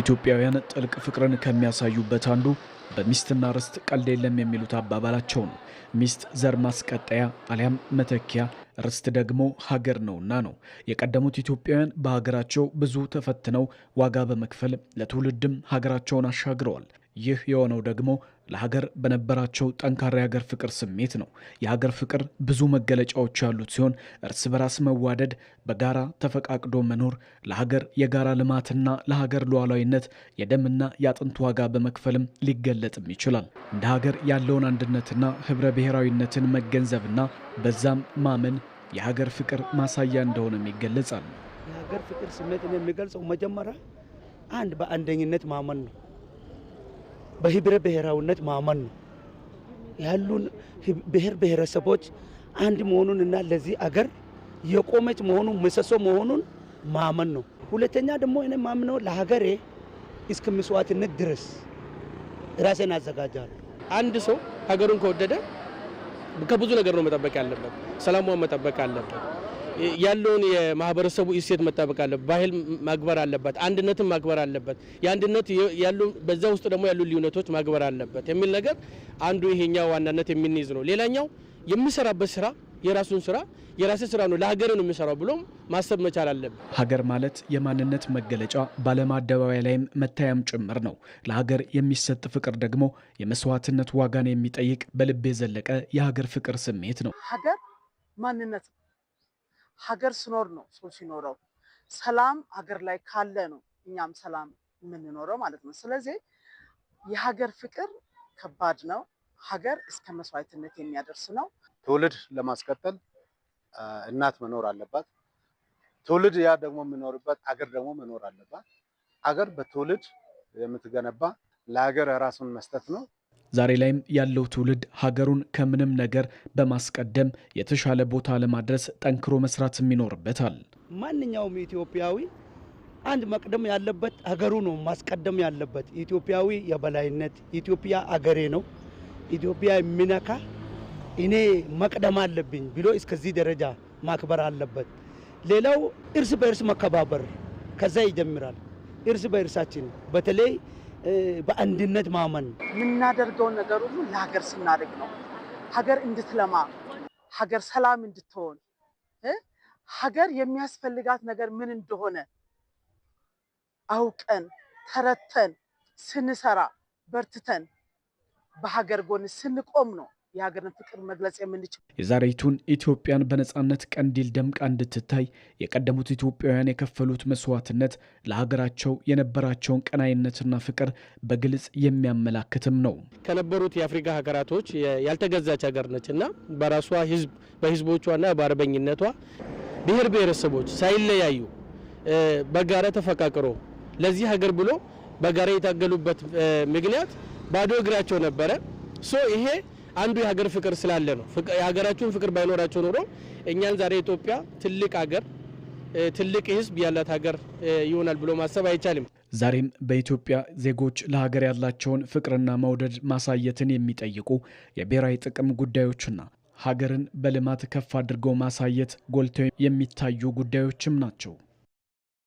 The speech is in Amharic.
ኢትዮጵያውያን ጥልቅ ፍቅርን ከሚያሳዩበት አንዱ በሚስትና ርስት ቀልድ የለም የሚሉት አባባላቸው ነው። ሚስት ዘር ማስቀጠያ አሊያም መተኪያ፣ ርስት ደግሞ ሀገር ነውና ነው። የቀደሙት ኢትዮጵያውያን በሀገራቸው ብዙ ተፈትነው ዋጋ በመክፈል ለትውልድም ሀገራቸውን አሻግረዋል። ይህ የሆነው ደግሞ ለሀገር በነበራቸው ጠንካራ የሀገር ፍቅር ስሜት ነው። የሀገር ፍቅር ብዙ መገለጫዎች ያሉት ሲሆን እርስ በራስ መዋደድ፣ በጋራ ተፈቃቅዶ መኖር፣ ለሀገር የጋራ ልማትና ለሀገር ሉዓላዊነት የደምና የአጥንት ዋጋ በመክፈልም ሊገለጥም ይችላል። እንደ ሀገር ያለውን አንድነትና ህብረ ብሔራዊነትን መገንዘብና በዛም ማመን የሀገር ፍቅር ማሳያ እንደሆነም ይገለጻል። የሀገር ፍቅር ስሜትን የሚገልጸው መጀመሪያ አንድ በአንደኝነት ማመን ነው። በህብረ ብሔራዊነት ማመን ነው። ያሉን ብሔር ብሔረሰቦች አንድ መሆኑን እና ለዚህ አገር የቆመች መሆኑን ምሰሶ መሆኑን ማመን ነው። ሁለተኛ ደግሞ እኔ ማምነው ለሀገሬ እስከ ምስዋዕትነት ድረስ ራሴን አዘጋጃለሁ። አንድ ሰው ሀገሩን ከወደደ ከብዙ ነገር ነው መጠበቅ ያለበት። ሰላሟን መጠበቅ አለበት። ያለውን የማህበረሰቡ እሴት መጠበቅ አለበት። ባህል ማክበር አለበት። አንድነትን ማክበር አለበት። የአንድነት ያሉ በዛ ውስጥ ደግሞ ያሉ ልዩነቶች ማክበር አለበት የሚል ነገር አንዱ ይሄኛው ዋናነት የሚንይዝ ነው። ሌላኛው የሚሰራበት ስራ የራሱን ስራ የራሴ ስራ ነው ለሀገር ነው የሚሰራው ብሎ ማሰብ መቻል አለብን። ሀገር ማለት የማንነት መገለጫ በዓለም አደባባይ ላይም መታያም ጭምር ነው። ለሀገር የሚሰጥ ፍቅር ደግሞ የመስዋዕትነት ዋጋን የሚጠይቅ በልብ የዘለቀ የሀገር ፍቅር ስሜት ነው። ሀገር ማንነት ሀገር ስኖር ነው ሰው ሲኖረው ሰላም ሀገር ላይ ካለ ነው እኛም ሰላም የምንኖረው ማለት ነው። ስለዚህ የሀገር ፍቅር ከባድ ነው። ሀገር እስከ መስዋዕትነት የሚያደርስ ነው። ትውልድ ለማስቀጠል እናት መኖር አለባት። ትውልድ ያ ደግሞ የሚኖርበት አገር ደግሞ መኖር አለባት። አገር በትውልድ የምትገነባ ለሀገር ራሱን መስጠት ነው። ዛሬ ላይም ያለው ትውልድ ሀገሩን ከምንም ነገር በማስቀደም የተሻለ ቦታ ለማድረስ ጠንክሮ መስራትም ይኖርበታል። ማንኛውም ኢትዮጵያዊ አንድ መቅደም ያለበት ሀገሩ ነው ማስቀደም ያለበት። ኢትዮጵያዊ የበላይነት ኢትዮጵያ አገሬ ነው ኢትዮጵያ የሚነካ እኔ መቅደም አለብኝ ብሎ እስከዚህ ደረጃ ማክበር አለበት። ሌላው እርስ በእርስ መከባበር ከዛ ይጀምራል። እርስ በእርሳችን በተለይ በአንድነት ማመን የምናደርገውን ነገር ሁሉ ለሀገር ስናደርግ ነው። ሀገር እንድትለማ፣ ሀገር ሰላም እንድትሆን፣ ሀገር የሚያስፈልጋት ነገር ምን እንደሆነ አውቀን ተረተን ስንሰራ በርትተን በሀገር ጎን ስንቆም ነው የሀገርን ፍቅር መግለጽ የምንችል የዛሬቱን ኢትዮጵያን በነፃነት ቀንዲል ደምቃ እንድትታይ የቀደሙት ኢትዮጵያውያን የከፈሉት መስዋዕትነት ለሀገራቸው የነበራቸውን ቀናይነትና ፍቅር በግልጽ የሚያመላክትም ነው። ከነበሩት የአፍሪካ ሀገራቶች ያልተገዛች ሀገር ነች እና በራሷ ህዝብ በህዝቦቿና በአርበኝነቷ ብሔር ብሔረሰቦች ሳይለያዩ በጋራ ተፈቃቅሮ ለዚህ ሀገር ብሎ በጋራ የታገሉበት ምክንያት ባዶ እግራቸው ነበረ ሶ ይሄ አንዱ የሀገር ፍቅር ስላለ ነው። የሀገራችሁን ፍቅር ባይኖራቸው ኖሮ እኛን ዛሬ ኢትዮጵያ ትልቅ ሀገር ትልቅ ህዝብ ያላት ሀገር ይሆናል ብሎ ማሰብ አይቻልም። ዛሬም በኢትዮጵያ ዜጎች ለሀገር ያላቸውን ፍቅርና መውደድ ማሳየትን የሚጠይቁ የብሔራዊ ጥቅም ጉዳዮችና ሀገርን በልማት ከፍ አድርገው ማሳየት ጎልተው የሚታዩ ጉዳዮችም ናቸው።